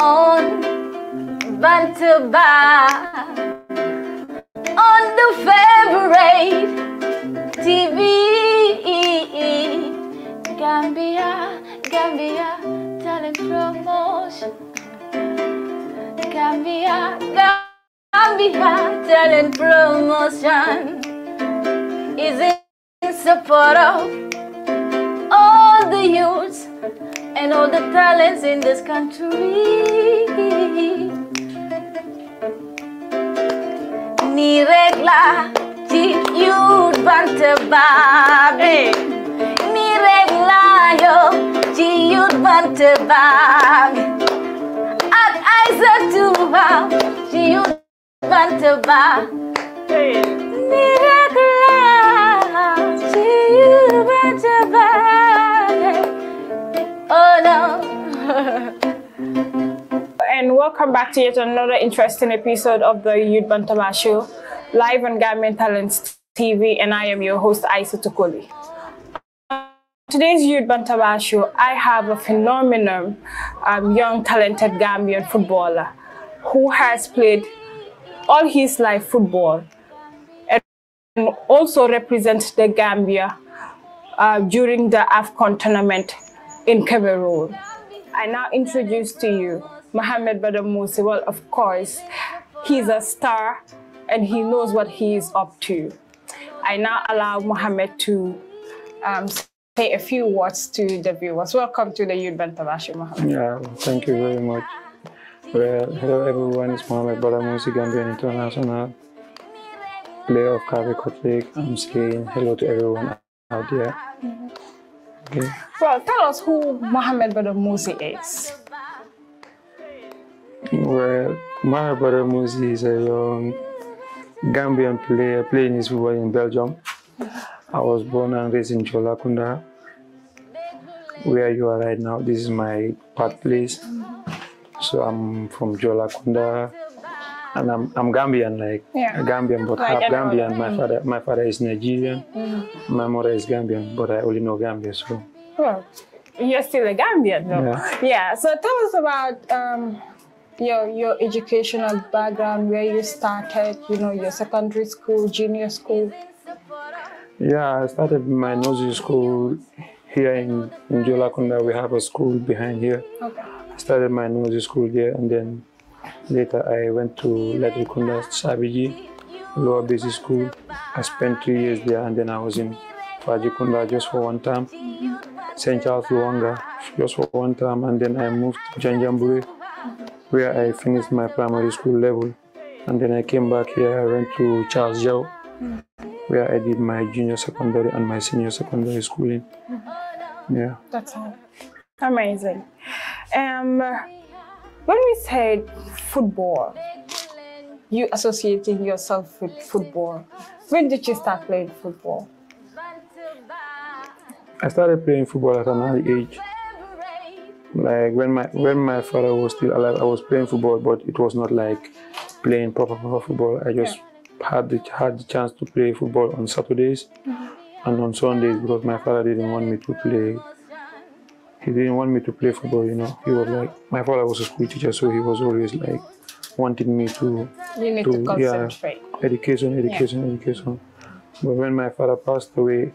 on Bantaba on the favorite TV Gambia, Gambia, talent promotion. Gambia, Gambia, talent promotion is in support of all the youths and all the talents in this country. Ni regla yud bante babi. Ni regla yo yud bante babi. At Isaac tuba yud bante babi. Ni Oh no. and welcome back to yet another interesting episode of the Youth Bantama Show, live on Gambian Talents TV, and I am your host, Isa Tokoli. On today's Youth Bantama Show, I have a phenomenal um, young, talented Gambian footballer who has played all his life football and also represents the Gambia uh, during the AFCON tournament in Cameroon. I now introduce to you Mohamed Badamosi. Well, of course, he's a star and he knows what he is up to. I now allow Mohamed to um, say a few words to the viewers. Welcome to the Youth Bantavashi, Mohamed. Yeah, thank you very much. Well, hello everyone, it's Mohamed Badamosi, Gambian International player of Carrick League. I'm saying hello to everyone out there. Mm -hmm. Okay. Well, tell us who Mohammed Badr Musi is. Well, Mohamed Badr Musi is a young um, Gambian player playing his football in Belgium. I was born and raised in Jolakunda, where you are right now. This is my birthplace. So I'm from Jolakunda and I'm, I'm Gambian, like yeah. Gambian, but like half Gambian. My father, my father is Nigerian, mm-hmm. my mother is Gambian, but I only know Gambia. So, well, oh, you're still a Gambian, though. Yeah. yeah. So tell us about um, your your educational background, where you started. You know, your secondary school, junior school. Yeah, I started my nursery school here in in Jolakunda. We have a school behind here. Okay. I started my nursery school there, and then Later, I went to Latrikunda Sabiji Lower Basic School. I spent three years there and then I was in Fajikunda just for one time. St. Charles Luanga just for one time, and then I moved to Janjambure where I finished my primary school level. And then I came back here, I went to Charles Zhao where I did my junior secondary and my senior secondary schooling. Yeah. That's all. Amazing. Um, when we said football, you associating yourself with football. When did you start playing football? I started playing football at an early age. Like when my when my father was still alive, I was playing football, but it was not like playing proper proper football. I just yeah. had the had the chance to play football on Saturdays mm -hmm. and on Sundays because my father didn't want me to play he didn't want me to play football, you know. He was like, my father was a school teacher, so he was always like wanting me to, to, to concentrate. Yeah, education, education, yeah. education. But when my father passed away,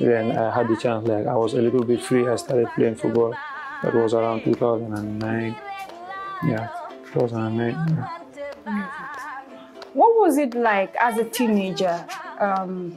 then I had the chance, like I was a little bit free. I started playing football. That was around 2009. Yeah, 2009. Yeah. What was it like as a teenager? Um,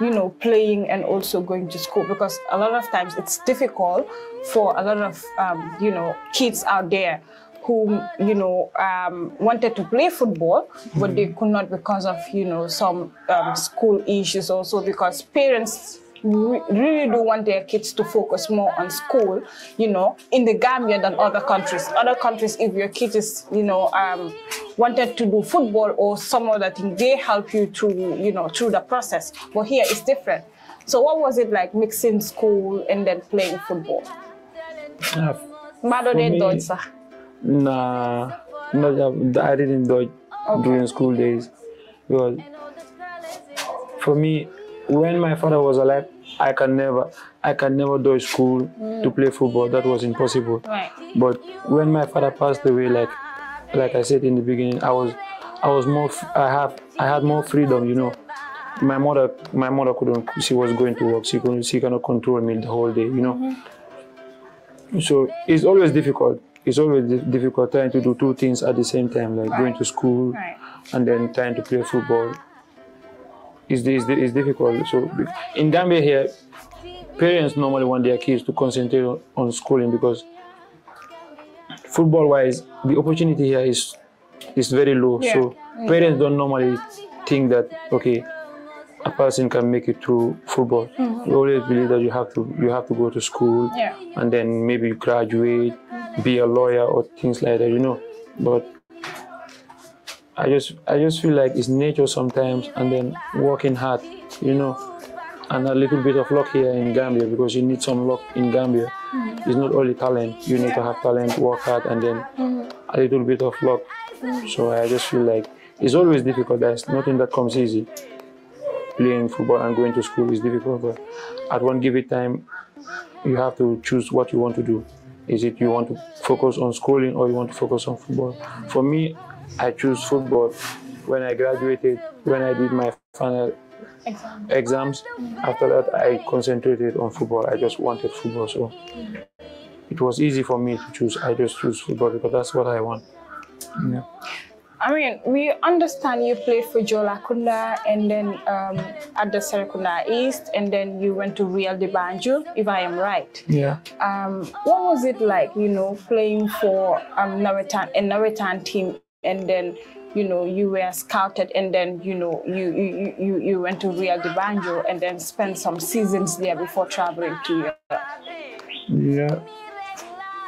you know, playing and also going to school because a lot of times it's difficult for a lot of, um, you know, kids out there who, you know, um, wanted to play football, but mm they mm-hmm. could not because of, you know, some um, school issues also because parents really do want their kids to focus more on school, you know, in the Gambia than other countries. Other countries, if your kid is, you know, um, wanted to do football or some other thing, they help you to, you know, through the process. But here it's different. So what was it like mixing school and then playing football? Uh, Mado didn't sir. Nah, no, I didn't do okay. during school days because for me, when my father was alive, I can never, I can never do school mm. to play football. That was impossible. Right. But when my father passed away, like, like I said in the beginning, I was, I was more, I have, I had more freedom, you know. My mother, my mother couldn't. She was going to work. She couldn't. She cannot control me the whole day, you know. Mm -hmm. So it's always difficult. It's always difficult trying to do two things at the same time, like right. going to school right. and then trying to play football is, is, is difficult. So in Gambia here, parents normally want their kids to concentrate on, schooling because football-wise, the opportunity here is is very low. Yeah. So parents don't normally think that okay, a person can make it through football. Mm -hmm. We always believe that you have to you have to go to school yeah. and then maybe you graduate, be a lawyer or things like that, you know. But I just I just feel like it's nature sometimes, and then working hard, you know, and a little bit of luck here in Gambia because you need some luck in Gambia. Mm. It's not only talent; you need to have talent, work hard, and then mm-hmm. a little bit of luck. Mm. So I just feel like it's always difficult. There's nothing that comes easy. Playing football and going to school is difficult, but at one given time, you have to choose what you want to do. Is it you want to focus on schooling or you want to focus on football? For me, I chose football when I graduated, when I did my final Exam. exams. After that, I concentrated on football. I just wanted football, so it was easy for me to choose. I just choose football because that's what I want. Yeah. I mean, we understand you played for Jolakunda and then um, at the Serikunda East, and then you went to Real de Banjo, if I am right. Yeah. Um, what was it like, you know, playing for um, Naritan, a Naritan team and then you know you were scouted and then you know you you you, you went to Rio de Banjo and then spent some seasons there before traveling to Europe. Yeah.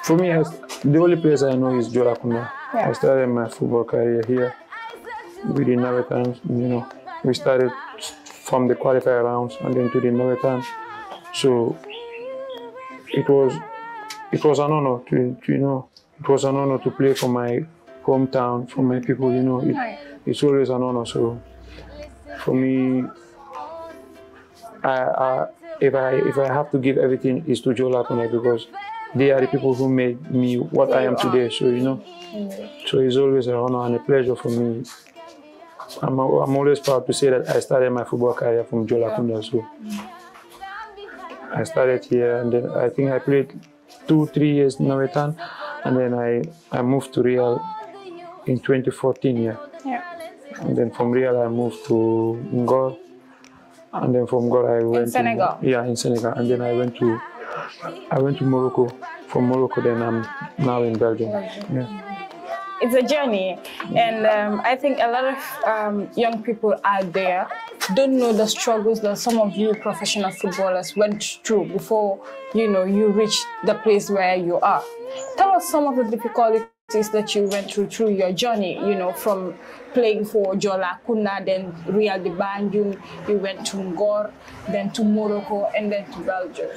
For me, the only place I know is Jolakuna. Yeah. I started my football career here with the Navetans. You know, we started from the qualifier rounds and then to the Navetans. So it was it was an honor to, to you know it was an honor to play for my hometown, for my people, you know, it, it's always an honor. So for me, I, I, if I if I have to give everything, it's to Joe Lapone because they are the people who made me what I am today. So you know, so it's always an honor and a pleasure for me. I'm, I'm always proud to say that I started my football career from Joe Lapone. So I started here, and then I think I played two, three years in Navetan, and then I I moved to Real in 2014 yeah. yeah. And then from Real, I moved to Ngor. And then from Ngor I went in Senegal. To, yeah, in Senegal. And then I went to I went to Morocco. From Morocco then I'm now in Belgium. Yeah. It's a journey, and um, I think a lot of um, young people out there don't know the struggles that some of you professional footballers went through before you know you reach the place where you are. Tell us some of the difficulties that you went through through your journey, you know, from playing for Jola Kuna, then Real de Banjo, you went to Ngor, then to Morocco, and then to Belgium.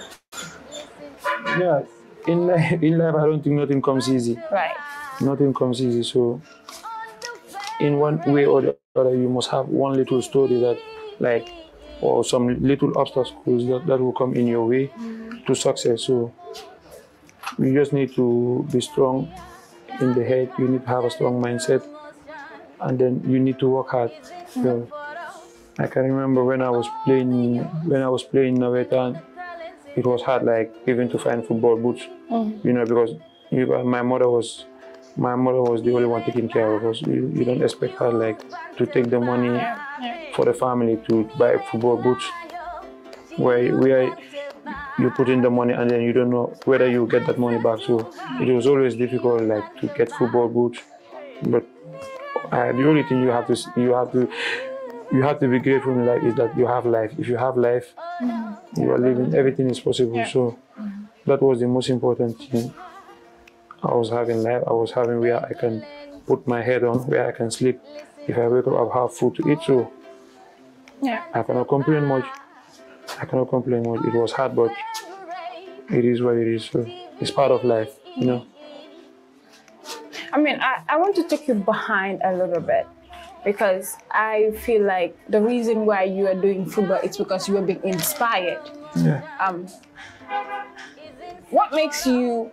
Yeah, in life, in life, I don't think nothing comes easy. Right. Nothing comes easy. So, in one way or the other, you must have one little story that, like, or some little obstacles that, that will come in your way to success. So, you just need to be strong in the head, you need to have a strong mindset, and then you need to work hard. So, I can remember when I was playing when I was playing Naveta, it was hard, like even to find football boots, mm-hmm. you know, because you, uh, my mother was my mother was the only one taking care of us. You, you don't expect her like to take the money Yeah. for the family to buy football boots. Where we are you put in the money and then you don't know whether you get that money back. So it was always difficult, like to get football boots. But uh, the only thing you have to you have to you have to be grateful in life is that you have life. If you have life, mm-hmm. you are living. Everything is possible. Yeah. So mm-hmm. that was the most important thing. I was having life. I was having where I can put my head on, where I can sleep. If I wake up, I have food to eat. So yeah. I cannot complain much. I cannot complain much. It was hard, but it is what it is. So it's part of life, you know. I mean, I, I want to take you behind a little bit because I feel like the reason why you are doing football is because you are being inspired. Yeah. Um, what makes you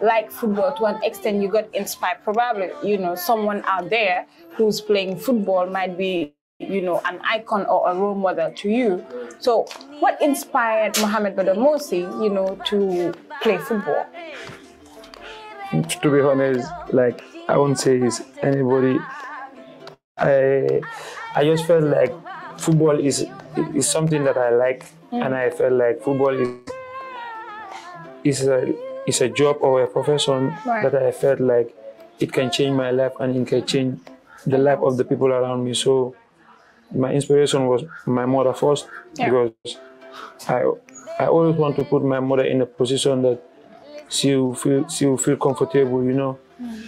like football to an extent you got inspired? Probably, you know, someone out there who's playing football might be you know, an icon or a role model to you. So what inspired Mohamed Badamosi, you know, to play football? To be honest, like I won't say he's anybody. I I just felt like football is is something that I like mm. and I felt like football is is a is a job or a profession right. that I felt like it can change my life and it can change the life of the people around me. So my inspiration was my mother first yeah. because I I always want to put my mother in a position that she will feel she will feel comfortable, you know. Mm.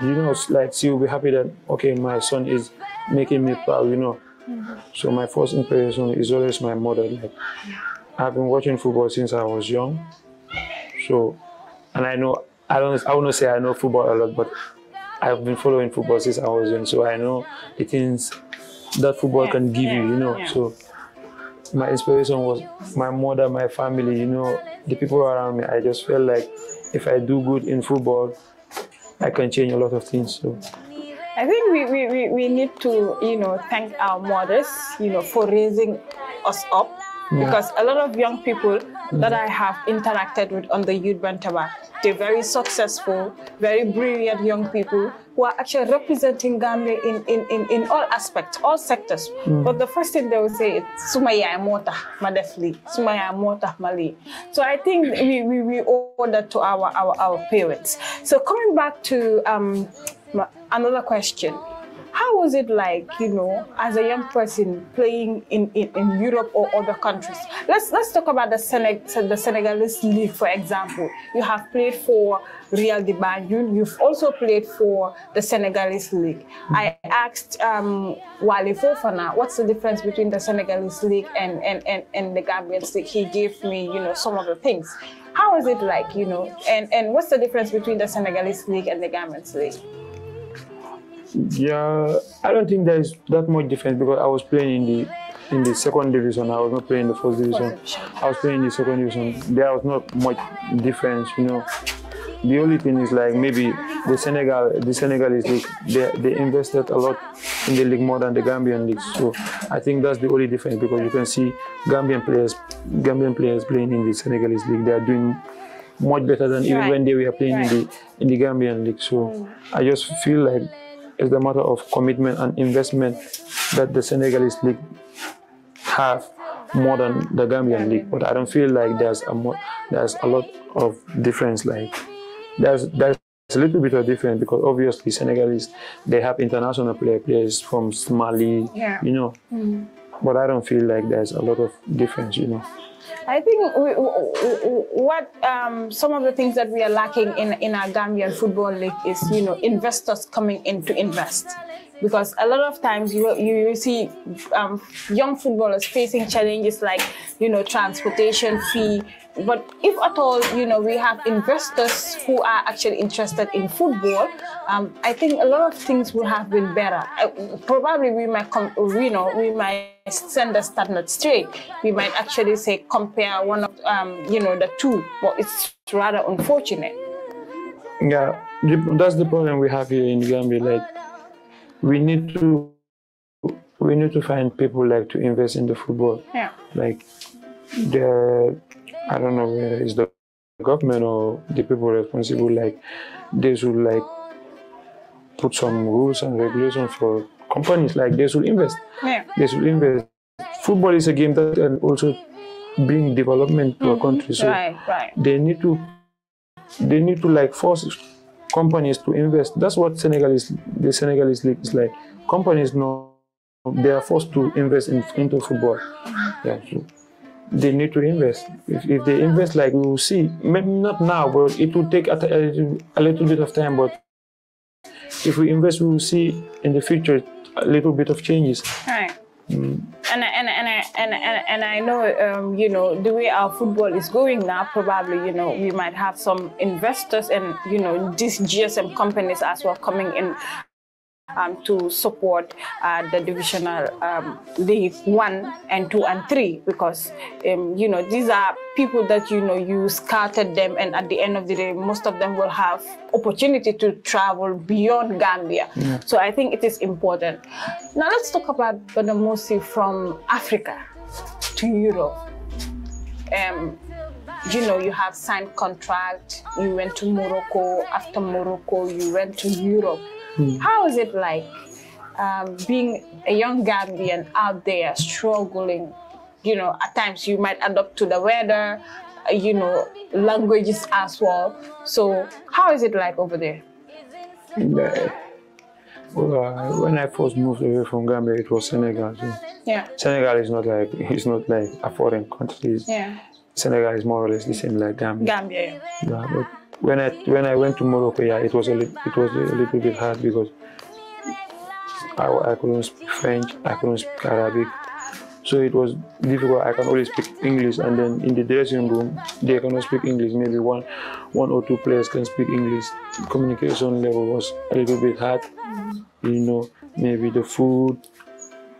You know, it's like she will be happy that okay, my son is making me proud, you know. Mm. So my first inspiration is always my mother. Like I've been watching football since I was young, so and I know I don't I wouldn't say I know football a lot, but I've been following football since I was young, so I know the things that football can give you, you know. So my inspiration was my mother, my family, you know, the people around me. I just felt like if I do good in football, I can change a lot of things. So. I think we, we, we, we need to, you know, thank our mothers, you know, for raising us up. Yeah. Because a lot of young people that I have interacted with on the Youth Bantaba. They're very successful, very brilliant young people who are actually representing Gambia in, in, in, in all aspects, all sectors. Mm. But the first thing they will say is, Sumaya mota madefli, Sumaya mota mali. So I think we, we, we owe that to our, our, our parents. So coming back to um, another question. How was it like, you know, as a young person playing in, in, in Europe or other countries? Let's let's talk about the Seneg the Senegalese league, for example. You have played for Real de Banjul. You've also played for the Senegalese league. Hmm. I asked um, Wale Fofana, what's the difference between the Senegalese league and and and, and the Gambian league? He gave me, you know, some of the things. How is it like, you know, and, and what's the difference between the Senegalese league and the Gambian league? Yeah, I don't think there is that much difference because I was playing in the in the second division. I was not playing the first division. I was playing in the second division. There was not much difference, you know. The only thing is like maybe the Senegal, the Senegalese league, they, they invested a lot in the league more than the Gambian league. So I think that's the only difference because you can see Gambian players, Gambian players playing in the Senegalese league. They are doing much better than right. even when they were playing right. in the in the Gambian league. So I just feel like it's the matter of commitment and investment that the Senegalese league have more than the Gambian league. But I don't feel like there's a there's a lot of difference. Like there's there's a little bit of difference because obviously Senegalese they have international player, players from Mali, yeah. you know. Mm. But I don't feel like there's a lot of difference, you know. I think we, what um, some of the things that we are lacking in, in our Gambian Football League is, you know, investors coming in to invest because a lot of times you you see um, young footballers facing challenges like you know transportation fee. But if at all you know we have investors who are actually interested in football, um, I think a lot of things would have been better. I, uh, probably we might come, you know, we might send the start not straight. We might actually say compare one of um, you know the two, but it's rather unfortunate. Yeah, that's the problem we have here in Gambia. Like we need to we need to find people like to invest in the football. Yeah. Like the I don't know whether it's the government or the people responsible. Like they should like put some rules and regulations for companies. Like they should invest. Yeah. They should invest. Football is a game that and also bring development to mm -hmm. a mm-hmm. country. So right, right. they need to they need to like force companies to invest. That's what Senegalese the Senegalese league is like. Companies know they are forced to invest in, into football. Yeah, so they need to invest. If, if they invest, like we will see, maybe not now, but it will take a, a, a little bit of time. But if we invest, we will see in the future a little bit of changes. All right. Mm. And, and, and and and, and I know um, you know the way our football is going now, probably you know we might have some investors and you know these GSM companies as well coming in um, to support uh, the divisional um, league one and two and three because um, you know these are people that you know you scattered them and at the end of the day most of them will have opportunity to travel beyond Gambia. Yeah. So I think it is important. Now let's talk about Badamosi from Africa to Europe. Um, you know, you have signed contract, you went to Morocco, after Morocco, you went to Europe. Mm. How is it like um, being a young Gambian out there struggling? You know, at times you might adapt to the weather, uh, you know, languages as well. So, how is it like over there? Yeah. Well, uh, when I first moved away from Gambia, it was Senegal. So yeah. Senegal is not like it's not like a foreign country. yeah. Senegal is more or less the same like Gambia. Gambia. Yeah. yeah when I when I went to Morocco, yeah, it was a it was a little bit hard because I, I couldn't speak French, I couldn't speak Arabic, so it was difficult. I can only speak English, and then in the dressing room, they cannot speak English. Maybe one one or two players can speak English. Communication level was a little bit hard, you know. Maybe the food,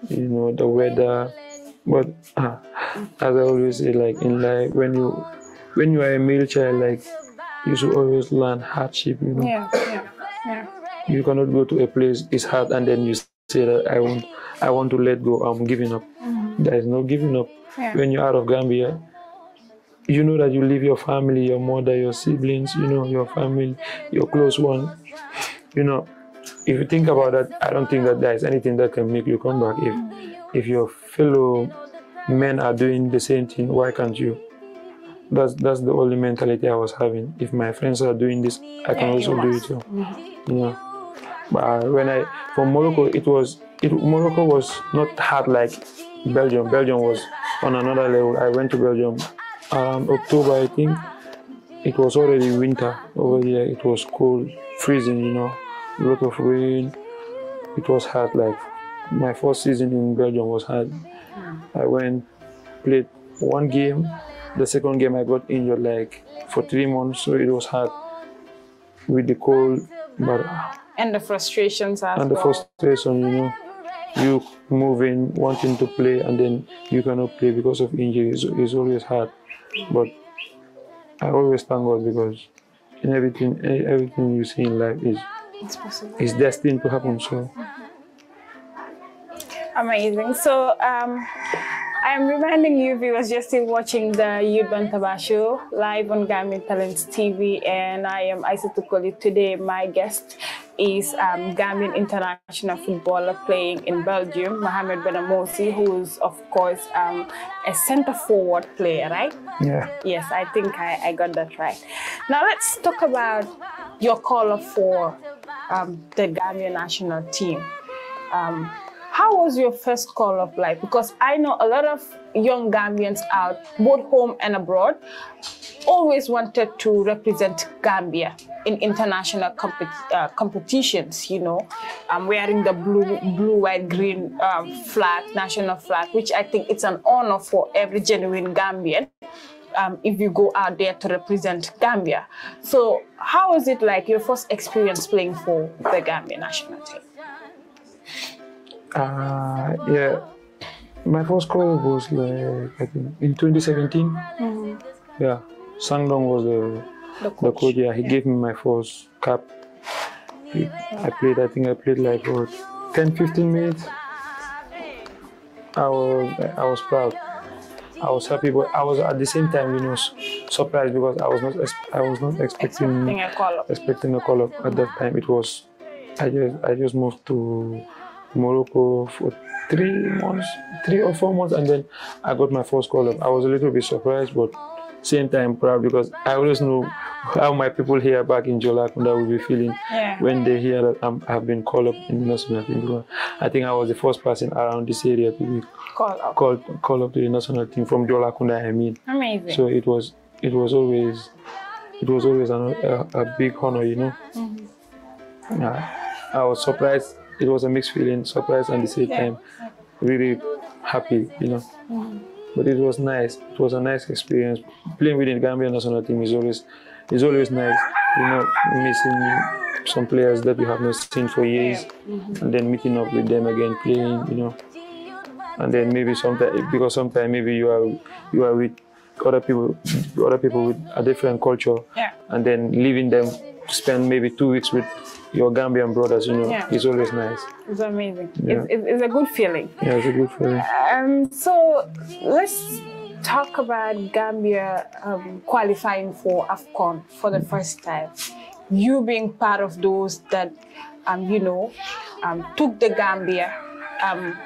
you know, the weather, but uh, as I always say, like in life, when you when you are a male child, like you should always learn hardship, you know. Yeah, yeah, yeah. You cannot go to a place, it's hard, and then you say that I want, I want to let go, I'm giving up. Mm-hmm. There is no giving up. Yeah. When you're out of Gambia, you know that you leave your family, your mother, your siblings, you know, your family, your close one. You know, if you think about that, I don't think that there is anything that can make you come back. If if your fellow men are doing the same thing, why can't you? that's that's the only mentality I was having. If my friends are doing this, I can also do it too. Yeah. But uh, when I from Morocco, it was it, Morocco was not hard like Belgium. Belgium was on another level. I went to Belgium um, October, I think. It was already winter over here. It was cold, freezing, you know, a lot of rain. It was hard. Like my first season in Belgium was hard. I went, played one game, the second game I got injured like for three months, so it was hard with the cold, but and the frustrations as and the frustration, you know, you moving, wanting to play, and then you cannot play because of injuries. It's always hard, but I always thank God because in everything, everything you see in life is is destined to happen. So amazing. So um, I'm reminding you viewers just in watching the Yudban Taba show live on Gambian Talents TV and I am Isaac Tukoli. Today my guest is um, Gambian international footballer playing in Belgium, Mohamed Benamosi, who is of course um, a centre forward player, right? Yeah. Yes, I think I, I got that right. Now let's talk about your call for um, the Gambian national team. Um, was your first call of life? Because I know a lot of young Gambians out, both home and abroad, always wanted to represent Gambia in international compet uh, competitions, you know. I'm wearing the blue, blue white, green um, flag, national flag, which I think it's an honor for every genuine Gambian. Um, if you go out there to represent Gambia. So how was it like your first experience playing for the Gambia national team? Ah, yeah, my first call was like I think in 2017. Mm. Mm-hmm. Yeah, Sangdong was the the coach. The coach yeah, he yeah. gave me my first cap. He, I played. I think I played like what, 10, 15 minutes. I was I was proud. I was happy, but I was at the same time, you know, surprised because I was not I was not expecting expecting a call up. At that time, it was I just I just moved to Morocco for three months, three or four months, and then I got my first call up. I was a little bit surprised, but same time proud because I always know how my people here back in Jolakunda will be feeling yeah. when they hear that I'm, have been called up in the national team. I think I was the first person around this area to be called up, called, called up to the national team from Jolakunda. I mean, amazing. So it was it was always it was always an, a, a, big honor, you know. Mm -hmm. I, I was surprised it was a mixed feeling, surprise and at the same time really happy, you know. Mm-hmm. But it was nice. It was a nice experience. Playing with the Gambian national team is always is always nice, you know, missing some players that you have not seen for years mm-hmm. and then meeting up with them again, playing, you know. And then maybe sometimes because sometimes maybe you are you are with other people other people with a different culture yeah. and then leaving them spend maybe two weeks with your Gambian brothers, you know, yeah. it's always nice. It's amazing. Yeah. It's, it's, a good feeling. Yeah, it's a good feeling. Um, so let's talk about Gambia um, qualifying for AFCON for the first time. You being part of those that, um, you know, um, took the Gambia um,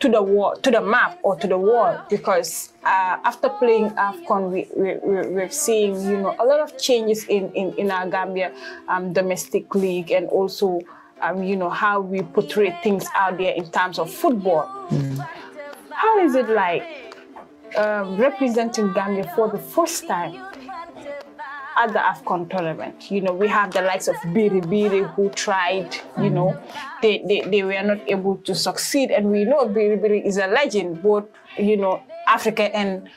to the wall, to the map or to the world, because uh, after playing AFCON, we, we, we, have seen, you know, a lot of changes in, in, in our Gambia um, domestic league and also, um, you know, how we portray things out there in terms of football. Mm. How is it like um, representing Gambia for the first time at the AFCON tournament. You know, we have the likes of Biri Biri who tried, you know, they, they, they were not able to succeed. And we know Biri Biri is a legend, both, you know, Africa and,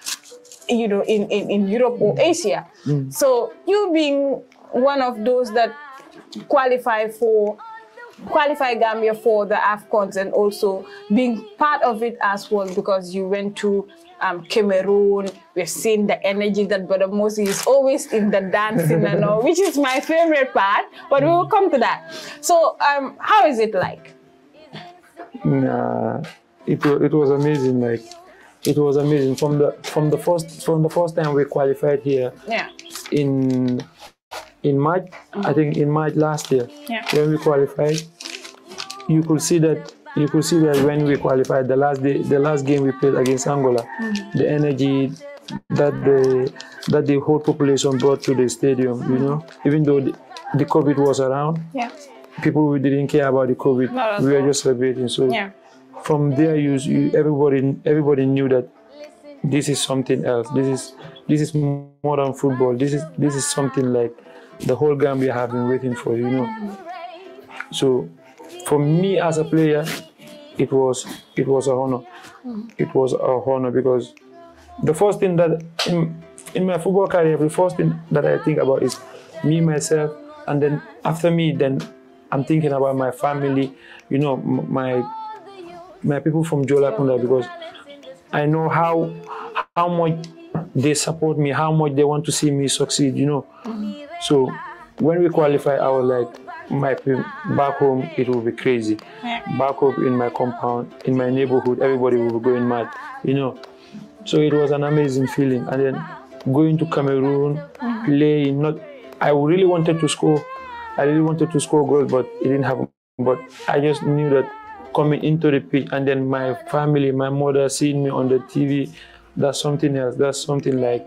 you know, in, in, in Europe or Asia. Mm. So you being one of those that qualify for qualify Gambia for the AFCONs and also being part of it as well because you went to um, Cameroon. We've seen the energy that Brother Mosi is always in the dancing and all, which is my favorite part, but we will come to that. So um, how is it like? Nah, it, it was amazing. Like it was amazing from the from the first from the first time we qualified here. Yeah. In in March, mm -hmm. I mm-hmm. think in March last year, yeah. when we qualified, you could see that you could see that when we qualified the last day, the last game we played against Angola, mm. the energy that the that the whole population brought to the stadium, you know, even though the, the COVID was around, yeah. people didn't care about the COVID. we were just celebrating. So yeah. from there, you, you everybody everybody knew that this is something else. This is this is more than football. This is this is something like the whole Gambia have been waiting for, you know. So for me as a player, it was it was a honor. Mm. It was a honor because the first thing that in, in my football career, the first thing that I think about is me myself, and then after me, then I'm thinking about my family. You know, my my people from Jolapunda because I know how how much they support me, how much they want to see me succeed. You know, mm. so when we qualify, I was like, my back home it will be crazy back home in my compound in my neighborhood everybody will be going mad you know so it was an amazing feeling and then going to cameroon mm-hmm. playing not i really wanted to score i really wanted to score goals but it didn't happen but i just knew that coming into the pitch and then my family my mother seeing me on the tv that's something else that's something like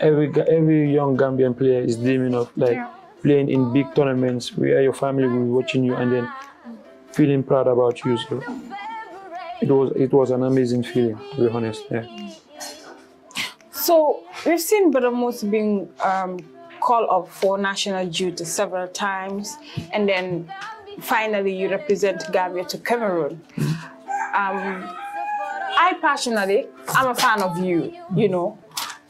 every every young gambian player is dreaming of like yeah playing in big tournaments where your family will be watching you and then feeling proud about you. So it was it was an amazing feeling, to be honest. Yeah. So we've seen Badamos being um, called up for national duty several times, and then finally you represent Gambia to Cameroon. Um, I personally, I'm a fan of you, you know.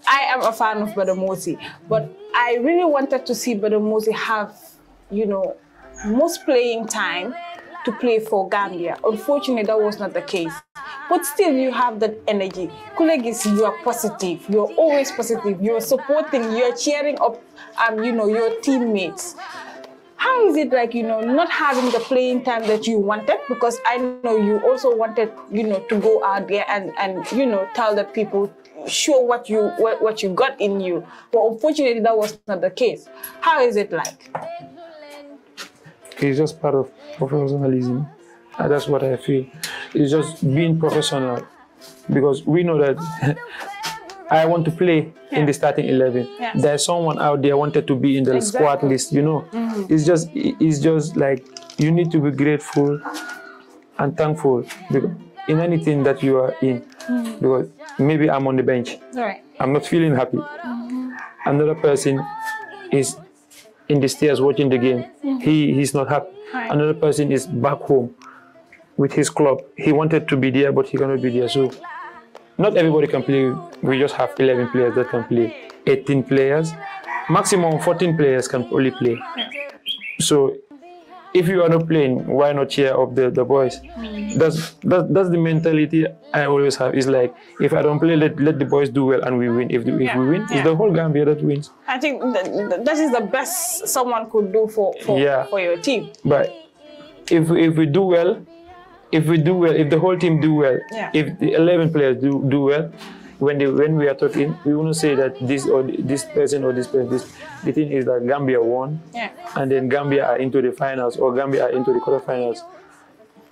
I am a fan of Badamoti, but I really wanted to see Badomosi have, you know, most playing time to play for Gambia. Unfortunately, that was not the case. But still, you have that energy. Colleagues, you are positive. You're always positive. You're supporting. You're cheering up, um, you know, your teammates. How is it like, you know, not having the playing time that you wanted? Because I know you also wanted, you know, to go out there and, and you know, tell the people show what you what, what you got in you. But unfortunately, that was not the case. How is it like? It's just part of professionalism. And that's what I feel. It's just being professional because we know that I want to play yeah. in the starting 11. There's someone out there wanted to be in the exactly. squad list, you know. Mm -hmm. It's just it's just like you need to be grateful and thankful in anything that you are in. Mm. Because maybe I'm on the bench. Right. I'm not feeling happy. Mm. Another person is in the stairs watching the game. Mm. He he's not happy. Right. Another person is back home with his club. He wanted to be there, but he cannot be there. So not everybody can play. We just have 11 players that can play. 18 players, maximum 14 players can only play. So if you are not playing, why not cheer up the, the boys? That's that, that's the mentality I always have. Is like if I don't play, let, let the boys do well and we win. If, the, if yeah. we win, yeah. it's the whole Gambia that wins. I think that, that is the best someone could do for for, yeah. for your team. But if if we do well, if we do well, if the whole team do well, if the eleven players do do well, when they, when we are talking, we wouldn't say that this or this person or this person. This, the thing is that Gambia won, yeah. and then Gambia are into the finals or Gambia are into the quarterfinals.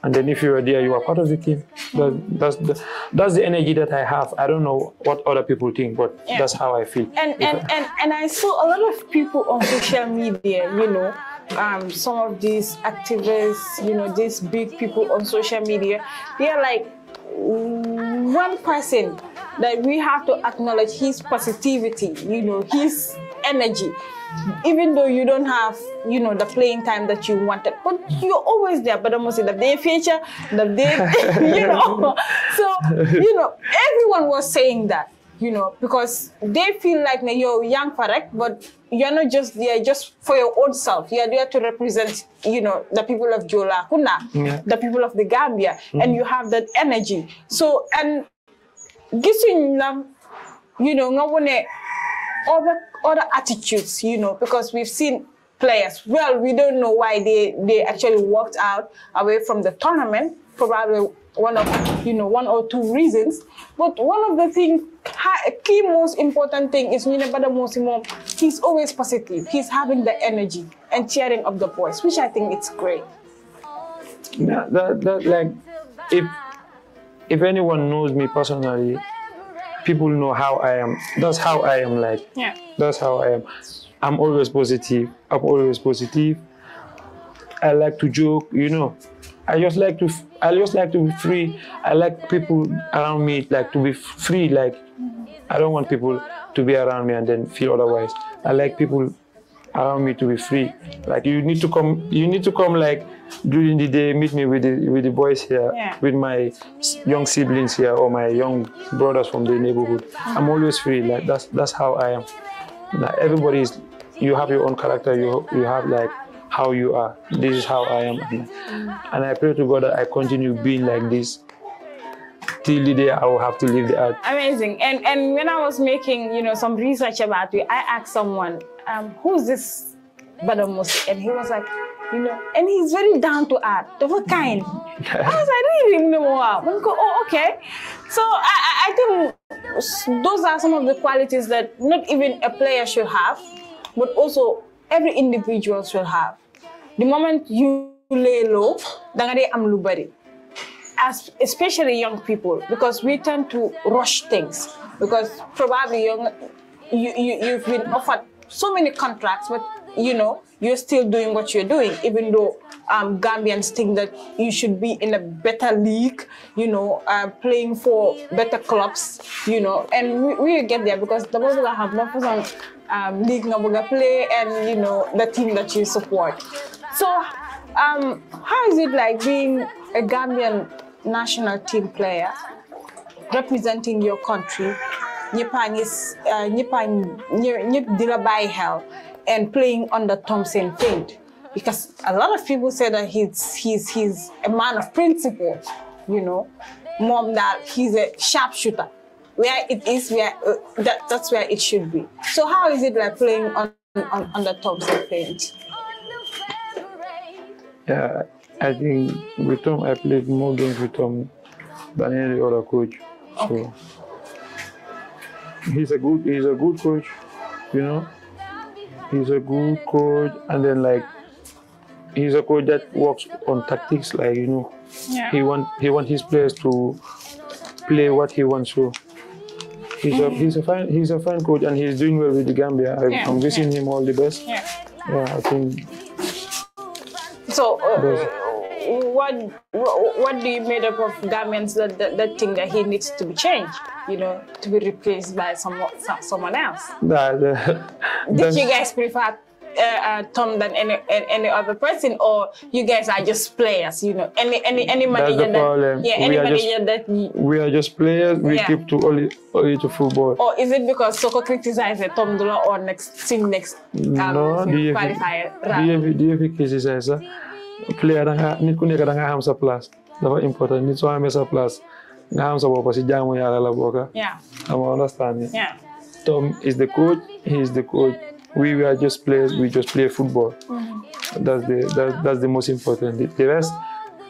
And then if you are there, you are part of the team. That, that's the, that's the energy that I have. I don't know what other people think, but yeah. that's how I feel. And and, I, and and I saw a lot of people on social media, you know, um, some of these activists, you know, these big people on social media, they are like one person that we have to acknowledge his positivity, you know, his energy. Even though you don't have, you know, the playing time that you wanted, but you're always there. But say, the day future, the day, you know. So, you know, everyone was saying that, you know, because they feel like you're young, correct? But you're not just there just for your own self. You're there to represent, you know, the people of Jola Huna, yeah. the people of the Gambia, mm. and you have that energy. So, and gisuñ them, you know nga one other other attitudes you know because we've seen players well we don't know why they they actually walked out away from the tournament probably one of you know one or two reasons but one of the things key most important thing is Minabada Mosimom he's always positive he's having the energy and cheering of the boys which I think it's great yeah, that, that, like if if anyone knows me personally, people know how I am. That's how I am like. Yeah. That's how I am. I'm always positive. I'm always positive. I like to joke, you know. I just like to I just like to be free. I like people around me like to be free like I don't want people to be around me and then feel otherwise. I like people allow me to be free. Like you need to come, you need to come like during the day, meet me with the with the boys here, yeah. with my young siblings here or my young brothers from the neighborhood. I'm always free. Like that's that's how I am. Now everybody is, you have your own character. You you have like how you are. This is how I am, and I pray to God that I continue being like this till the day I will have to leave the earth. Amazing. And and when I was making, you know, some research about you, I asked someone, um, who's this Madam Musi? And he was like, you know, and he's very down to earth, of a kind. I was like, I don't even know go, Oh, okay. So I, I think those are some of the qualities that not even a player should have, but also every individual should have. The moment you lay low, dangare am lubari. As, especially young people, because we tend to rush things. Because probably young, you, you, you've been offered so many contracts, but you know, you're still doing what you're doing, even though um, Gambians think that you should be in a better league, you know, uh, playing for better clubs, you know, and we, we get there because the people that have not on um, um, league Nabuga play and, you know, the team that you support. So, um, how is it like being a Gambian national team player, representing your country ñëppaa ngi ñëppaa ñëpp di la bàyyi and playing on the Thompson field because a lot of people say that he's he's he's a man of principle you know mom that he's a sharpshooter. where it is where uh, that that's where it should be so how is it like playing on on, on the Thompson field. Yeah, I think with Tom, I played more games with Tom than any other coach. So. Okay he's a good he's a good coach, you know. He's a good coach, and then like he's a coach that works on tactics. Like you know, yeah. he want he want his players to play what he wants to. He's a he's a fine he's a fine coach, and he's doing well with the Gambia. I, am wishing yeah. him all the best. Yeah, I think. So. Uh, what what do you made up of garments that, that, that thing that he needs to be changed you know to be replaced by someone someone else that, uh, did you guys prefer uh, uh, Tom than any any other person, or you guys are just players. You know, any any any manager that yeah, any we manager just, that you, we are just players. We yeah. keep to only only to football. Or is it because Soko criticized Tom Dula or next team next um, no, DFB, qualifier? DFB, DFB criticized player da nga nit ku nekk da nga xam sa place dafa important nit soo amee sa place nga xam sa bopp si jaamu yàlla la bokka am understand Tom is the coach he is the coach we are just players we just play football mm-hmm. that's the that's, that's the most important the rest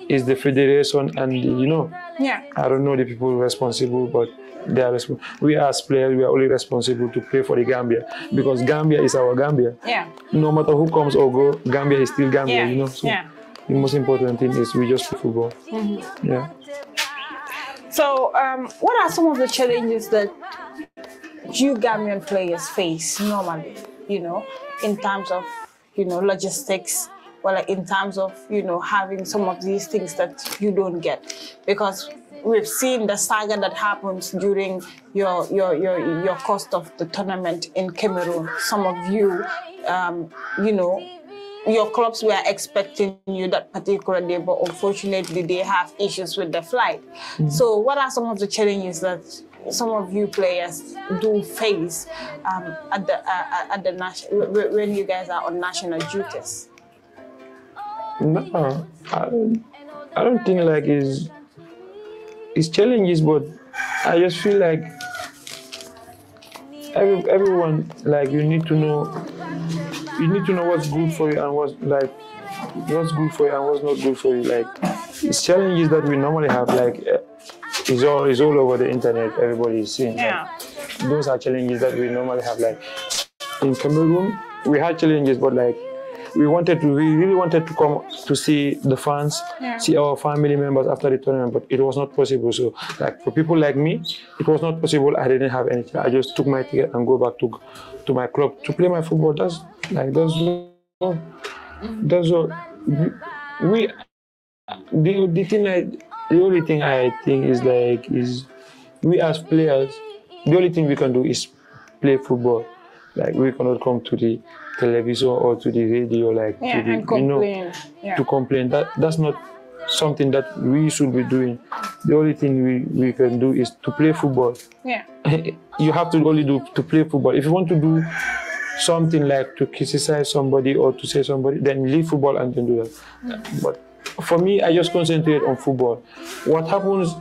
is the federation and the, you know yeah i don't know the people responsible but they are responsible we as players we are only responsible to play for the gambia because gambia is our gambia yeah no matter who comes or go gambia is still gambia yeah. you know so yeah the most important thing is we just play football. Mm-hmm. Yeah. So, um, what are some of the challenges that you Gambian players face normally? You know, in terms of you know logistics, or like in terms of you know having some of these things that you don't get, because we've seen the saga that happens during your your your your cost of the tournament in Cameroon. Some of you, um, you know, your clubs were expecting you that particular day, but unfortunately they have issues with the flight. Mm So what are some of the challenges that some of you players do face um, at the uh, uh at the when you guys are on national duties? No, I don't, I don't think like it's it's challenges, but I just feel like every, everyone like you need to know you need to know what's good for you and what's like what's good for you and what's not good for you. Like it's challenges that we normally have, like uh, eh, it's all it's all over the internet. Everybody is seeing. Yeah. Like, those are challenges that we normally have. Like in Cameroon, we had challenges, but like we wanted to, we really wanted to come to see the fans, yeah. see our family members after the tournament, but it was not possible. So, like for people like me, it was not possible. I didn't have anything. I just took my ticket and go back to to my club to play my football. That's like those, no, there's no, we, the, the thing I, the only thing I think is like, is we as players, the only thing we can do is play football. Like we cannot come to the television or to the radio, like yeah, to the, and complain. you know, yeah. to complain. That that's not something that we should be doing. The only thing we, we can do is to play football. Yeah. you have to only do to play football. If you want to do something like to criticize somebody or to say somebody, then leave football and then do that. But for me, I just concentrate on football. What happens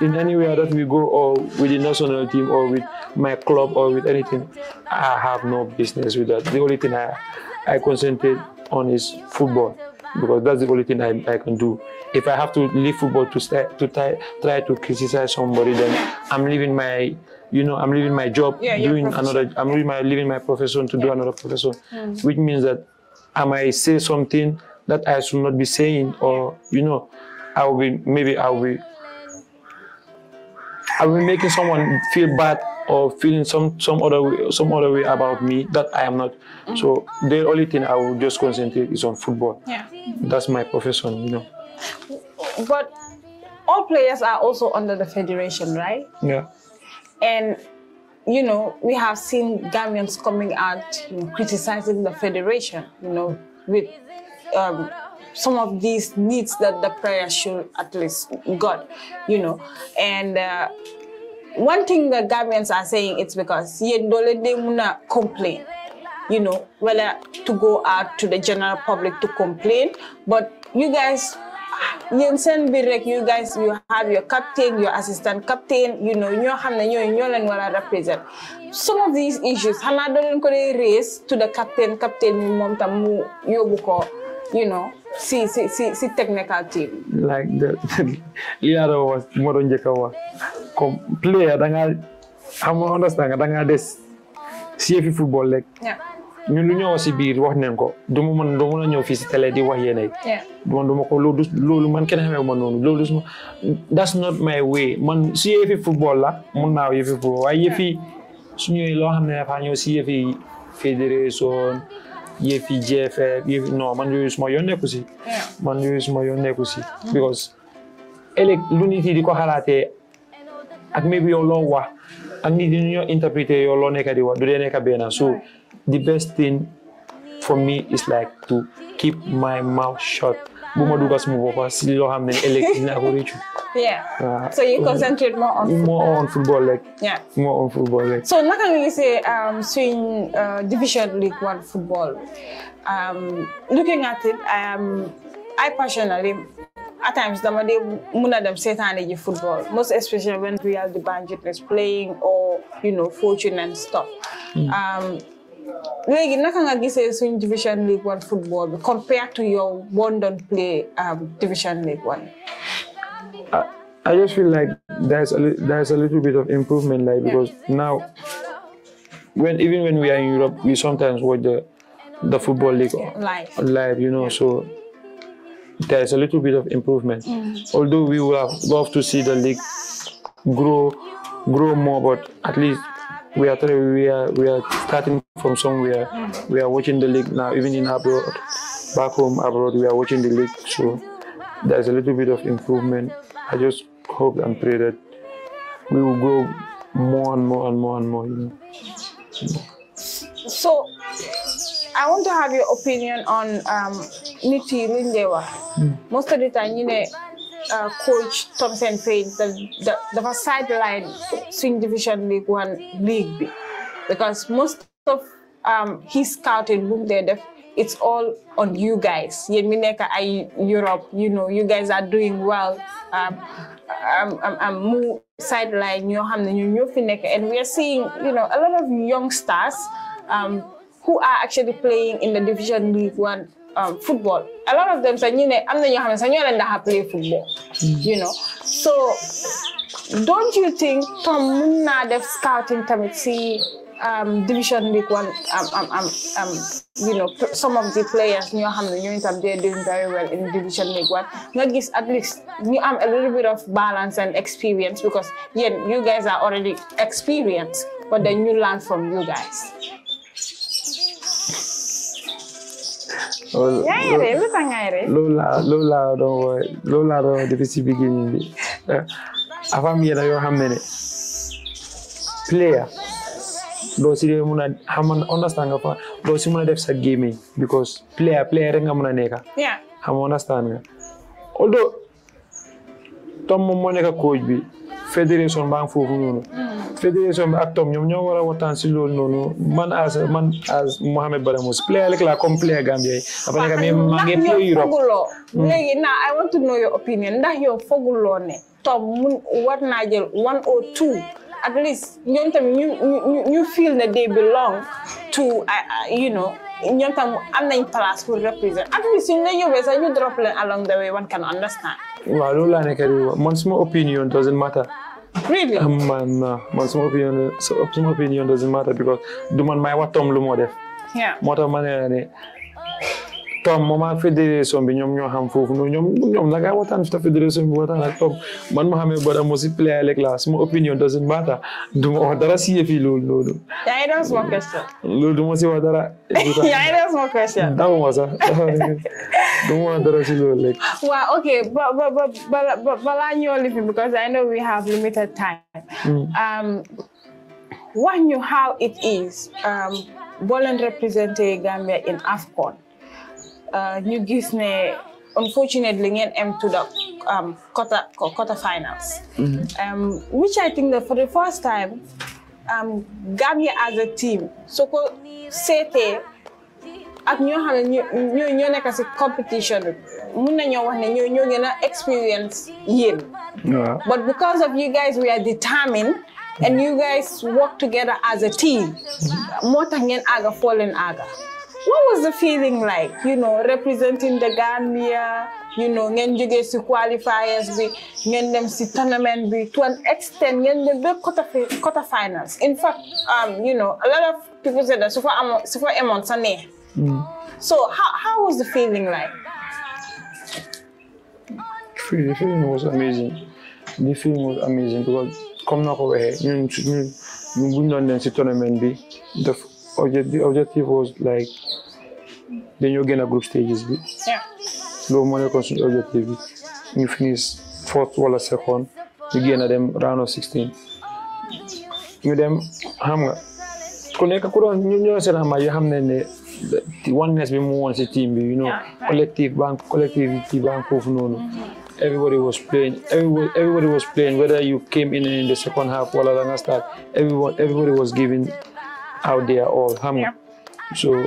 in anywhere that we go or with the national team or with my club or with anything, I have no business with that. The only thing I, I concentrate on is football because that's the only thing I, I can do. If I have to leave football to, start, to try, try to criticize somebody, then I'm leaving my you know, I'm leaving my job, yeah, doing another, I'm leaving my, leaving my profession to yeah. do another profession, mm. which means that I might say something that I should not be saying, or, you know, I will be, maybe I will be, I will be making someone feel bad or feeling some, some other way, some other way about me that I am not. Mm. So the only thing I will just concentrate is on football. Yeah. That's my profession, you know. But all players are also under the federation, right? Yeah. And, you know, we have seen Gambians coming out you know, criticizing the Federation, you know, with um, some of these needs that the prayer should at least got, you know. And uh, one thing the Gambians are saying it's because Yendole de Muna complain, you know, whether to go out to the general public to complain, but you guys yéen seen biir rek you guys you have your captain your assistant captain you know ño xamne ne ño ñoo leen war a represent some of these issues xana da leen ko lay raise to the captain captain bi mom tam mu yobu ko you know si si si si technical team. like the li nga doon wax moo doon a wax comme player da nga xam nga understand da nga des cf football rek. ñun lu ñëw si biir wax neen ko du ma mën du mën a ñëw fii si télé di wax yéenay man du ma ko loolu loolu man kenn xamee ma noonu loolu suma that's not my way man su la mun naa yëfi waaye yëfi su ñëwee loo xam ne dafa ñëw si yëfi fédération yëfi GFF yëfi non man yooyu suma yoon nekku si man yooyu suma yoon nekku si because ëllëg lu nit yi di ko xalaatee ak maybe yow loo wax ak nit yi ñoo interprété yow loo nekk di wax du dee nekk benn so the best thing for me is like to keep my mouth shut yeah ah. so you concentrate more on football. more on football like yeah more on football like so not only gisee um suñ uh, division league one football um looking at it um I personally at times dama dee mun a dem seetaane football most especially when Real the Bandit is playing or you know fortune and stuff hmm. um, léegi naka nga gisee suñ division league one football compared to yow boo doon play um, division league one. I just feel like there's a there's a little bit of improvement, like because now, when even when we are in Europe, we sometimes watch the the football league live, live you know. So there's a little bit of improvement. Mm. Although we would have loved to see the league grow grow more, but at least we are we are we are starting from somewhere. We are watching the league now, even in abroad, back home abroad. We are watching the league, so there's a little bit of improvement. I just hope and pray that we will grow more and more and more and more. You know. So, I want to have your opinion on um, Niti Lindewa. Mm. Most of the time, you know uh, coach Thompson Payne dafa sideline swing division league one league B, because most of um, his scouting room there, it's all on you guys Europe you know you guys are doing well um, I'm I'm I'm xam ne ñoo and we are seeing you know a lot of young stars um, who are actually playing in the division league one um, football. A lot of them say, you know, I'm the young and you and I have play football. Mm. You know. So don't you think Tom Munna def scouting Tamit um, division league one um, um, um, um, you know some of the players new ham new time they're doing very well in division league one Not just at least you have a little bit of balance and experience because yeah you guys are already experienced but then you learn from you guys yaa ngi rey lu loolu laa loolu wooye loolu laa doon bi dafa eh, am yenn yoo xam ne ne player doo si mun a xam understand nga fa doo mun a def sa gaming because player player rek nga mun a nekk. xam understand nga Tom moom moo nekk coach bi fédération baa ngi foofu noonu. Mm. fédération bi ak ñoo war a waxtaan si man as man as Mohamed Badamosi player rek la comme player a yi. après nga mais maa ngi play Europe hmm. léegi na I want to know your opinion ndax yow foguloo ne Tom mun war naa jël one or two at least ñoom tamit ñu belong to you know. ñoom drop leen along the way one can understand. waaw loolu laa nekk man suma opinion doesn't matter. Really? Um, man, nah. Uh, man, some opinion, some opinion doesn't matter because the man my what Tom Lumode. Yeah. What a tom moment fédération bi ñoom ñoo xam foofu noonu ñoom ñoom naka waxtaan fi ta fédération bi waxtaan ak tom man ma xamee ba dama si play avec la suma opinion doesn't matter du ma wax dara si yëfi loolu loolu. question. loolu du si wax dara. yaa ngi question. daw ma sax du wax dara si loolu rek. waaw ok ba ba ba ba balaa ñoo because I know we have limited time. Mm. um, wax ñu how it is um, boo leen Gambia in AFCON. Uh, ñu gis ne unfortunately ngeen am to the um, quarter, quarter finals. Mm -hmm. um, which I think that for the first time, um, Gambia as a team, so ko seetee ak ñoo ne ñoo nekk si mun nañoo wax ne ñoo ñoo a experience yéen. but because of you guys we are determined. and you guys work together as a team. moo tax ngeen àgga foo leen what was the feeling like, you know, representing the Gambia, you know, ngeen jógee si qualifiers bi ngeen to tournament be to an extent ngeen dem quarter finals in fact um, you know a lot of people said that so far so far fa amoon sa mm. so how, how was the feeling like? the feeling was amazing the feeling was amazing because come na ko you you you buñ doon dem the tournament be the objective, objective was like then you gain a group stages B. Yeah. Low money consumed objective B. You finish fourth or second, you gain them round of 16. You them hamga. Connect a couple doon new ñoo seen xam yu xam ne oneness bi team you know collective bank collectivity bank of no. Mm-hmm. everybody was playing. Everybody, everybody was playing. Whether you came in in the second half or another start, everyone, everybody was giving out there all xam so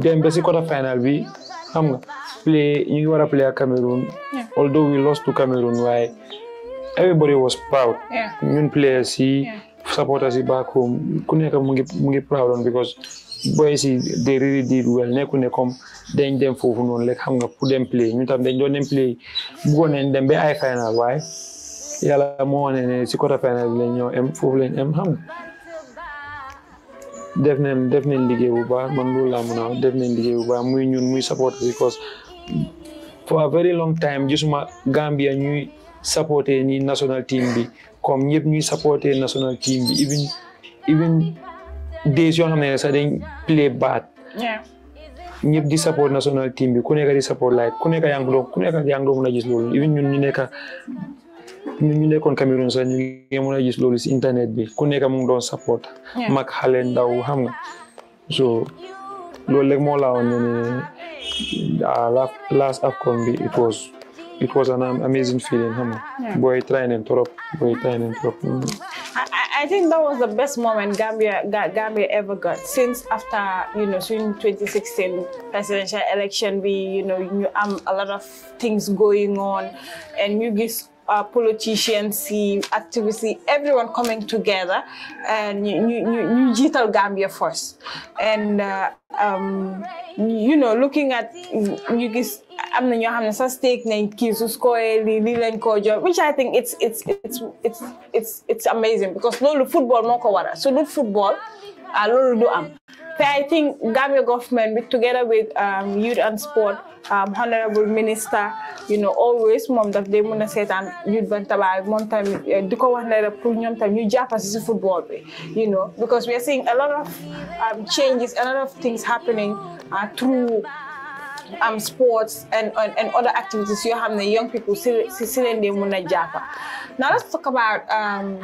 dem ba quarter final we xam play You ngi war a play ak Cameroon although we lost to Cameroon waaye everybody was proud ñun players yi supporters yi back home ku nekk mu proud on because boys they really did well nekku ne comme dañ dem foofu noonu rek xam nga put them play You ñu tam don't them play go and dem be ay final why? yàlla moo wane ne si quarter final bi lañ ñëw em foofu M em def nañ def nañ liggéey bu baax man loolu laa mën a def nañ bu baax muy ñun muy support because for a very long time gisuma Gambia ñuy supporté ni national team bi comme ñëpp ñuy supporté national team bi even even days yoo xam ne sax dañ play bad ñëpp di support national team bi ku nekk di support like ku nekk yaa ngi doon ku nekk yaa ngi doon mën a loolu even ñun ñu nekk ñun ñu nekkoon Cameroun sax ñu ngi mën a gis loolu si internet bi ku nekk mu ngi doon support. mag xale ndaw xam nga so loolu rek moo ne ah, la AFCON bi it was it was an amazing feeling xam nga. booy try nañ trop booy try nañ trop. I think that was the best moment Gambia Gambia ever got since after you know since 2016 presidential election we you know you, a lot of things going on and you uh, politicians see activists everyone coming together and new, ñu ñu jiital Gambia first and uh, um, you know looking at you. I am na ñoo xam ne stake nañ kii which I think it's it's it's it's it's it's amazing because no football no ko waral su dul football ah, am. I think Gambia government, with, together with um, youth and sport, um, honorable minister, you know, always mom that they mën a seetaan youth ban tabaay moom tamit eh, di ko wax time, rek pour ñoom football you know because we are seeing a lot of um, changes, a lot of things happening uh, through um, sports and, and, and, other activities you have the young people Sicilian Muna Japa. Now let's talk about um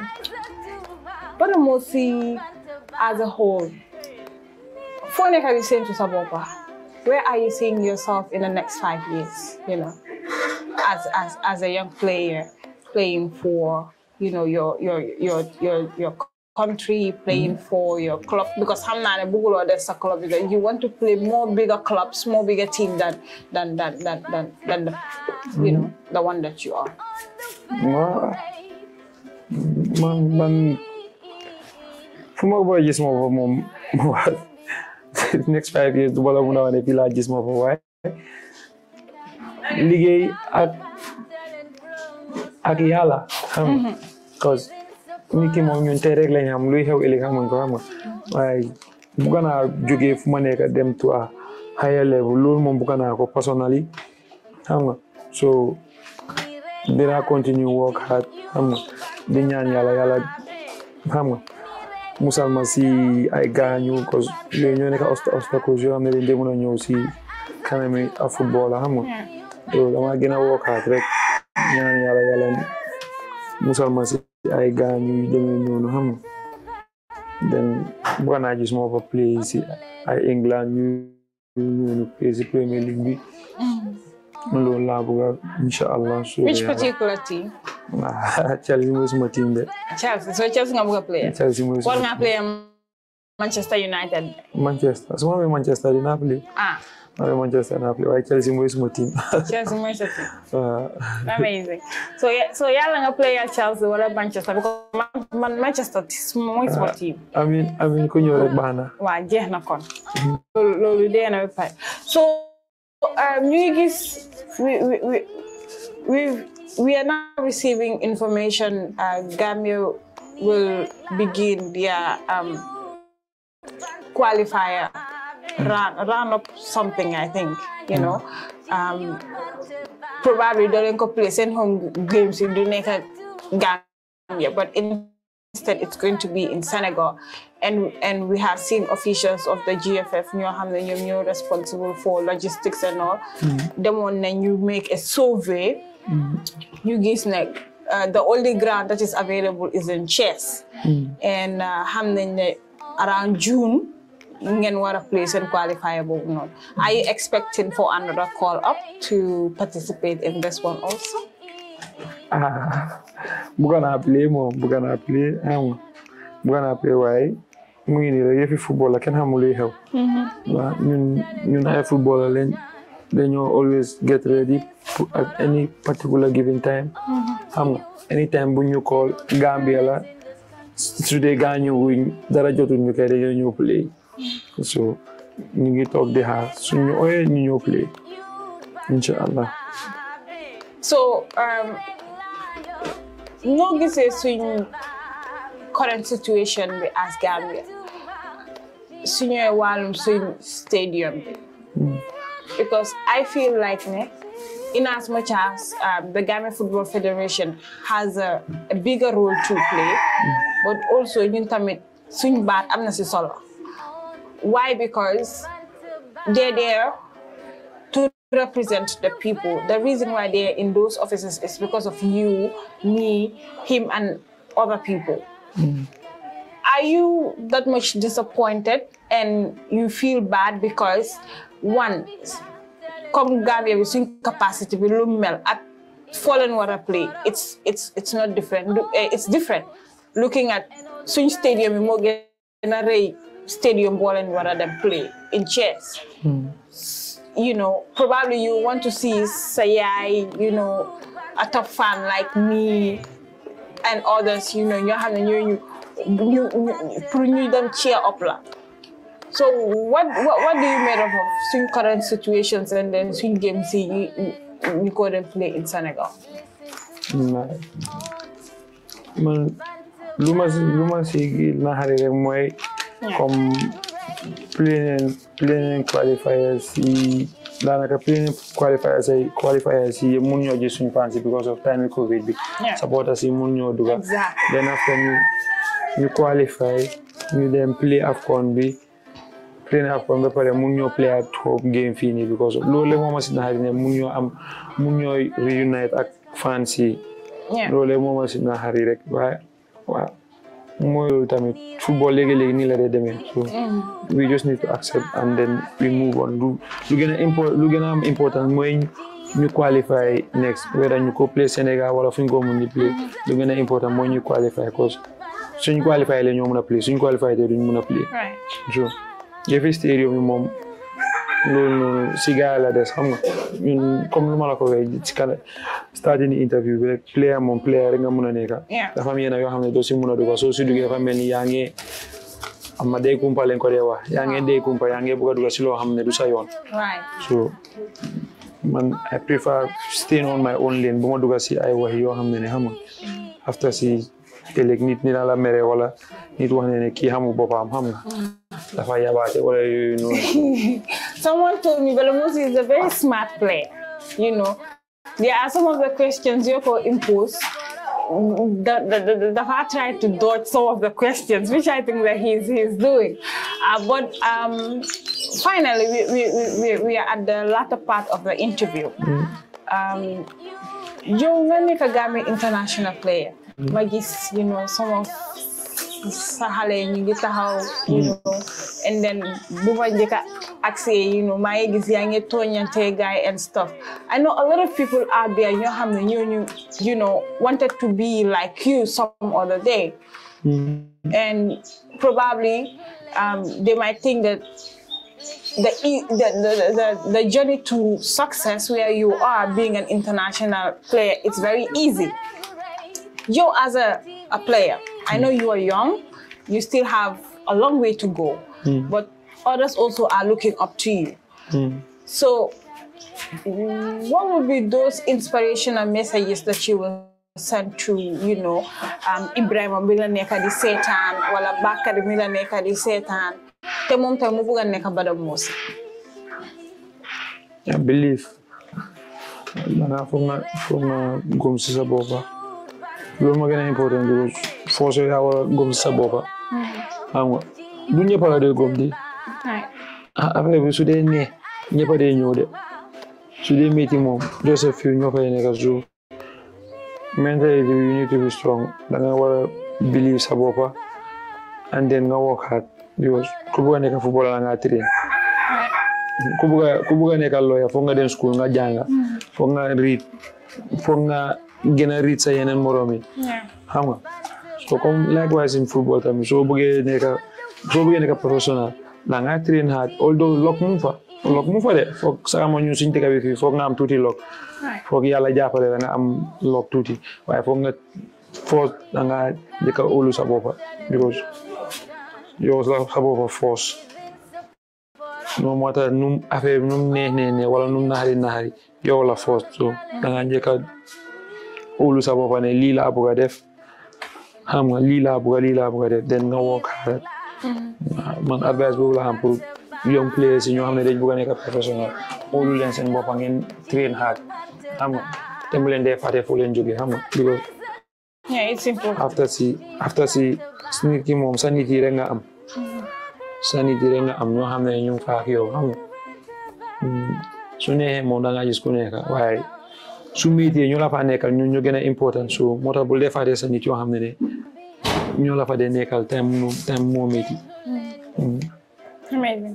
as a whole. Phone can be saying to Saboba, where are you seeing yourself in the next five years, you know, as, as, as a young player playing for, you know, your, your, your, your, your country, playing mm. for your club, because a and or there's a club, you want to play more bigger clubs, more bigger team than, than, than, than, than, than the, mm. you know, mm-hmm. the one that you are. Well, man, man, for my boy, just more, more, more. next five years du ma la mun a wane fii laa gis ma fa waaye liggéey ak ak yàlla xam nga mm-hmm. cause nit ki moom ñun tey rek lañ xam luy xew ëllëg xamuñ ko xam nga waaye bugga naa jógee fu ma nekk dem to a higher level loolu moom bugga naa ko personally xam nga so dinaa continue work hard xam nga di ñaan yàlla yàlla xam nga musal ma si ay gaañu cause yooyu ñoo nekk obstacles yoo xam ne dañ dee na a ñëw si kanami a football xam nga yow hmm. dama gën wookaat rek ñaan yàlla yàlla musal ma si ay gaañu yu demee noonu xam nga then bëgg naa gis moo fa si ay England ñu ñëw Premier League bi hmm. loolu laa bëgg incha allah. which particular Chelsea mooy suma team de. Chelsea so Chelsea nga bëgg a player. Chelsea mooy suma team war nga player Manchester United. Manchester su ma amee Manchester dinaa play. ah ma amee Manchester dinaa play waaye Chelsea mooy suma team. Chelsea mooy sa team. amazing so so yàlla nga Chelsea wala Manchester because man Manchester mooy suma ah, team. amiin amiin ku ñëw rek baax na. jeex na kon. loolu dee na ba pare so um, ñu ngi gis we we are now receiving information uh, Gambia will begin their um, qualifier run up something, I think, you know. Um, probably during play send home games in Duneka Gambia, but instead it's going to be in Senegal. And and we have seen officials of the GFF, New Hamlin, you're responsible for logistics and all. Mm -hmm. They want make a survey you guys nag uh, the only grant that is available is in chess mm. and uh, xam around June ngeen a place and qualifier boobu are you expecting for another call up to participate in this one also ah, going to play I'm going to play I'm going to play waaye I'm going to yëfi football I can xamul luy I'm going to ay football lañ then you always get ready at any particular given time xam mm-hmm. nga any time when you call Gambia la su dee you wuñ dara jotuñ you kay dañoo play so you ngi toog di xaar suñu you play Inshallah. so um, noo current situation as Gambia Senior wàllum suñ stadium mm because I feel like ne, in as much as um, the Ghana Football Federation has a, a, bigger role to play, but also in Tamit swing bad I'm not solo. Why? Because they're there to represent the people. The reason why they're in those offices is because of you, me, him, and other people. Mm are you that much disappointed and you feel bad because one comme Gambia bi suñ capacity bi lu mel at fallen water play it's it's it's not different eh, it's different looking at swing stadium in more gën a stadium boo leen war a play in chess hmm. you know probably you want to see sayai you know a top fan like me and others you know ñoo xam ne you you, them cheer up lah. So what what what do you made of swing current situations and then swing games you you, you go and play in Senegal? man luma luma lu ma hari naxari rek moy comme ya. plein plein qualifiers la daanaka plein qualifiers yi qualifiers si, mun ñoo ji suñ fansi because of time covid bi ya. supporters yi mun ñoo then after ñu qualify ñu dem play AFCON bi play AFCON ba pare mun ñoo play at game fii nii because of loolu moo ma si naxari ne mun ñoo am mun ñoo reunite ak fans yi loolu moo ma si rek waaye waaw mooy loolu tamit football léegi-léegi nii la dee demee so mm. we just need to accept and then we move on lu lu gën a am important mooy ñu qualify next whether ñu ko play Sénégal wala fu ñu ko play lu gën a important mooy ñu qualify cause suñ qualify la ñoo mën a plier suñ qualifié te duñ mën a plier. jo jëfe stadium yi moom loolu noonu si gars la des xam nga ñun comme nu ma la ko waxee si kan stade ni interview bi rek player moom player rek nga mën a nekk. dafa am yenn yoo xam ne doo si mën a dugg soo si duggee dafa mel ni yaa ngi amma day kumpa leen ko dee wax yaa ngi day kumpa yaa ngi bëgg a dugg si loo xam ne du sa yoon. so man I prefer staying on my own lane bu ma dugg si ay wax yoo xam ne ne xam nga after si. nit ni la mere wala nit wax ne xam dafa wala someone told me Balamusi is a very smart player you know there are some of the questions you could impose the, the, the, the tried to dodge some of the questions, which I think that he's, he's doing. Uh, but um, finally, we, we, we, we, are at the latter part of the interview. Mm. Um, you're a Ghana international player ma gis you know some of Sahale, you get ngi taxaw you hmm. know and then bu ma njëkk a you know maa ngi gis yaa ngi tooñante and stuff I know a lot of people out there ñoo xam ne you know wanted to be like you some other day hmm. and probably um, they might think that the, the, the, the, journey to success where you are being an international player, it's very easy you as a, a player, I know you are young, you still have a long way to go, mm. but others also are looking up to you. Mm. So, what would be those inspirational messages that you will send to, you know, um, Ibrahima bi la nekk di seetaan wala Bakary mi la nekk di seetaan te moom tamit mu bugg a nekk Badamousi. I believe. Maanaam foog nga foog nga gëm loolu moo a important bi force yaa war a gëm sa boppa xam du ñëpp a dee gëm di affaire bi su dee nee ñëpp dee ñëw de su dee métti moom Joseph fi ñoo fay nekk suuf mentality bi you need strong da nga war a believe sa boppa and nga work hard because ku bëgg a nekk footballer la ku bëgg a ku bëgg a nekk lawyer nga dem school nga jàng foog nga read foog nga gën a riit sa yeneen morom yi. xam nga so comme likewise in football tamit soo bëggee nekk soo bëggee nekk professional da ngaa train hard although mu fa lock mu fa de foog sax ma ñu suñu tëkk bi fii foog nga am tuuti lock. foog yàlla jàppale la nga am lock tuuti waaye foog nga force da ngaa njëkk a óolu sa bopp because yow sa bopp force. moom moo tax nu affaire neex neex wala nu naxari naxari yow la force so da óolu sa bopp ne lii laa bëgg a def xam nga lii laa bëgg a def den nga work hard mhm. man advice boobu la am pour young players ñoo xam ne dañ bëgg a nekk professionnel óolu leen seen bopp ngeen train hard xam nga te mu leen dee fàtte foo leen jógee xam nga because yeah it's si after ki moom sa nit yi nga am mm. sa nit nga am ñoo xam ne ñu ngi faa ak yow xam nga ku nekk waaye su métier ñu la fa nekkal ñu ñu gën a important moo tax bu defaree sa nit yoo xam ne ne ñu time moo métti.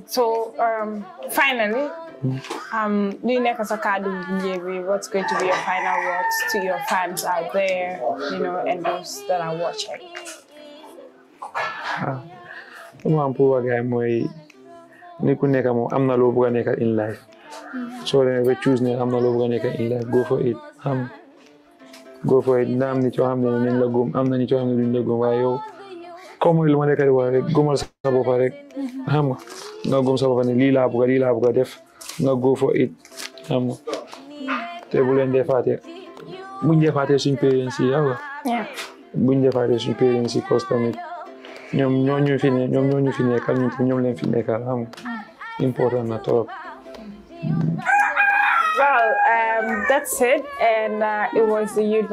so um, finally. Mm-hmm. Um, luy nekk sa kàddu njébi what's going to be your final words to your fans out there you know and those that ah, am pour wa mooy ni ku nekk moom am na loo bëgg a in life. soo demee ba ne am na loo bëgg a in life go for it am go for it na am nit yoo xam ne la góom am na nit yoo xam ne duñ la góom waaye yow comme mooy lu ma nekk di wax rek góomal sa xam nga nga góom sa bopp ne lii laa bëgg lii def nga go for it te bu leen dee fàtte buñ dee suñ parents yi buñ dee fàtte suñ ñoom ñoo ñu fi ne ñu fi nekkal ñoom leen fi na trop Well, um, that's it. And uh, it was the Youth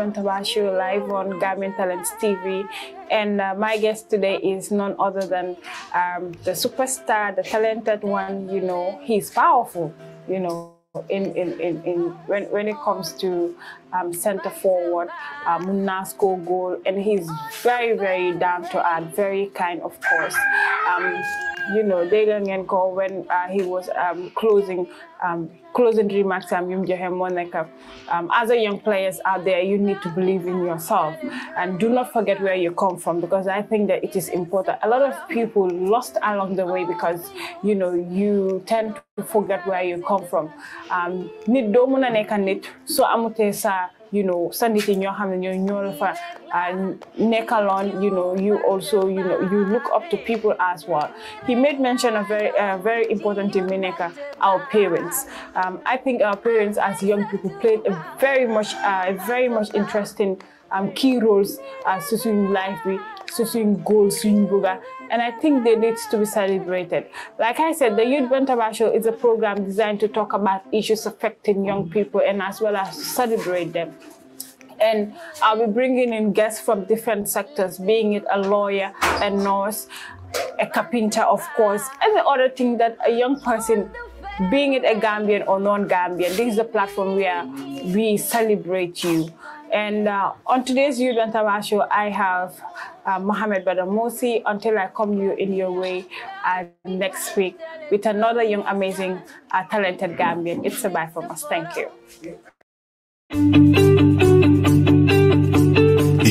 Show live on Garmin Talents TV. And uh, my guest today is none other than um, the superstar, the talented one. You know, he's powerful, you know. In, in, in, in when, when it comes to um, center forward, um, Munasco goal, and he's very, very down to earth, very kind, of course. Um, you know, dégg ngeen ko when uh, he was um, closing um, closing remarks am um, yum joxe moo nekk as a young players out there you need to believe in yourself and do not forget where you come from because I think that it is important. A lot of people lost along the way because you know you tend to forget where you come from. nit doo nit you know sa nit yi ñoo xam ne your ñoo and neck nekkaloon you know you also you know you look up to people as well he made mention of very uh, very important thing mi our parents um, I think our parents as young people played a very much uh, a very much interesting um, key roles as Susun Library, Susun Gold, Susun Buga, and I think they need to be celebrated. Like I said, the Youth Venture Show is a program designed to talk about issues affecting young people and as well as celebrate them and I'll be bringing in guests from different sectors, being it a lawyer, a nurse, a carpenter, of course, and the other thing that a young person, being it a Gambian or non-Gambian, this is the platform where we celebrate you. And uh, on today's Don't Have show, I have uh, Mohamed Badamosi until I come you in your way uh, next week with another young, amazing, uh, talented Gambian. It's a bye from us. Thank you.